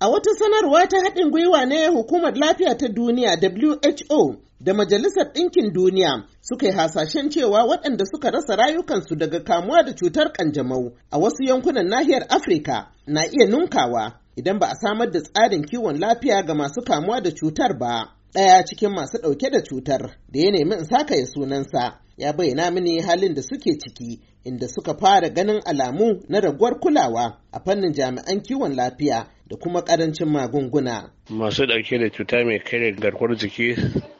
A wata sanarwa ta haɗin gwiwa ne hukumar lafiya ta duniya WHO da Majalisar Ɗinkin Duniya suka yi hasashen cewa waɗanda suka rasa rayukansu daga kamuwa da cutar ƙanjamau a wasu yankunan nahiyar Afirka na iya nunkawa idan ba a samar da tsarin kiwon lafiya ga masu kamuwa da cutar ba. Ɗaya cikin masu ɗauke da cutar da ya nemi in saka ya sunansa ya bayyana mini halin da suke ciki inda suka fara ganin alamu na raguwar kulawa a fannin jami'an kiwon lafiya da kuma karancin magunguna. Masu ɗauke da cuta mai kare garkuwar jiki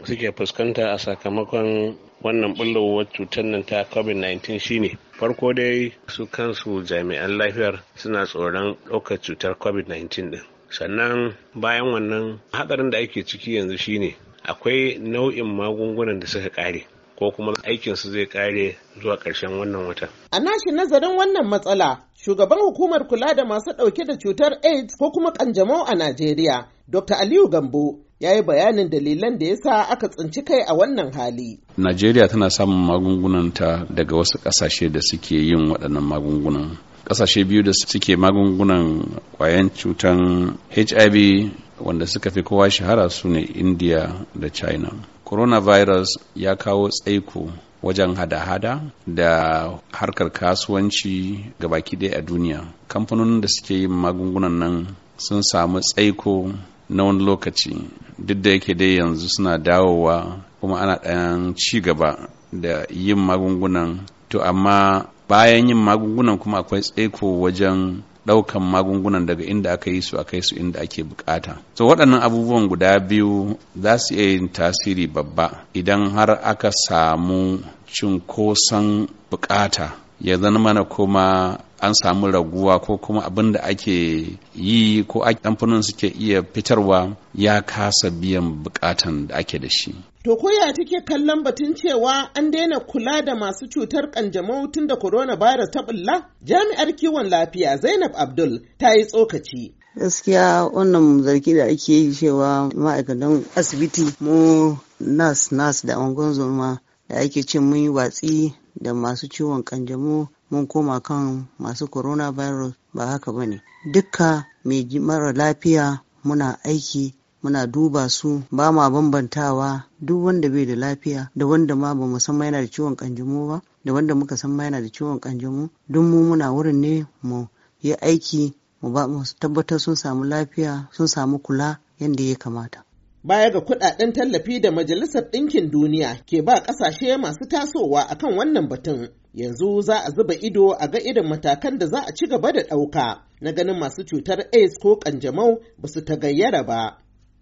suke fuskanta a sakamakon wannan bullowar cutar nan ta COVID-19 shine farko dai su kansu jami'an lafiyar suna tsoron ɗaukar cutar COVID-19 ɗin. Sannan bayan wannan hadarin da ake ciki yanzu shine akwai nau'in magungunan da suka ƙare. ko kuma aikinsu zai kare zuwa ƙarshen wannan wata. A nashi nazarin wannan matsala, shugaban hukumar kula da masu ɗauke da cutar AIDS ko kuma ƙanjamau a Najeriya, Dr. Aliyu Gambo, ya yi bayanin dalilan da ya sa aka tsinci kai a wannan hali. Najeriya tana samun ta daga wasu ƙasashe da suke yin waɗannan magungunan. Ƙasashe biyu da suke magungunan ƙwayan cutan HIV wanda suka fi kowa shahara su ne India da China. coronavirus ya kawo tsaiko wajen hada-hada da harkar kasuwanci ga baki ɗaya a duniya kamfanonin da suke yin magungunan nan sun samu tsaiko na wani lokaci duk da yake dai yanzu suna dawowa kuma ana ɗayan ci gaba da yin magungunan to amma bayan yin magungunan kuma akwai tsaiko wajen ɗaukan magungunan daga inda aka yi su a kai su inda ake bukata so waɗannan abubuwan guda biyu za su iya yin tasiri babba idan har aka samu cunkoson bukata ya zama mana kuma an samu raguwa ko kuma abin da ake yi ko kamfanin suke iya fitarwa ya kasa biyan bukatan da ake da shi To koya take kallon batun cewa an daina kula da masu cutar kanjamau tun da coronavirus ta bulla? Jami'ar kiwon lafiya Zainab Abdul ta yi tsokaci. Gaskiya wannan zargi da ake yi cewa ma'aikatan asibiti mu nas nas da unguwar da ake cin mun yi watsi da masu ciwon kanjamau mun koma kan masu coronavirus ba haka ba ne. Dukka mai mara lafiya muna aiki muna duba su ba ma bambantawa duk wanda bai da lafiya da wanda ma ba mu san yana da ciwon kanjamo ba da wanda muka san ma yana da ciwon kanjamo duk mu muna wurin ne mu yi aiki mu ba mu tabbatar sun samu lafiya sun samu kula yadda ya kamata baya ga kudaden tallafi da majalisar ɗinkin duniya ke ba ƙasashe masu tasowa akan wannan batun yanzu za a zuba ido a ga irin matakan da za a ci gaba da ɗauka na ganin masu cutar aids ko ƙanjamau ba su tagayyara ba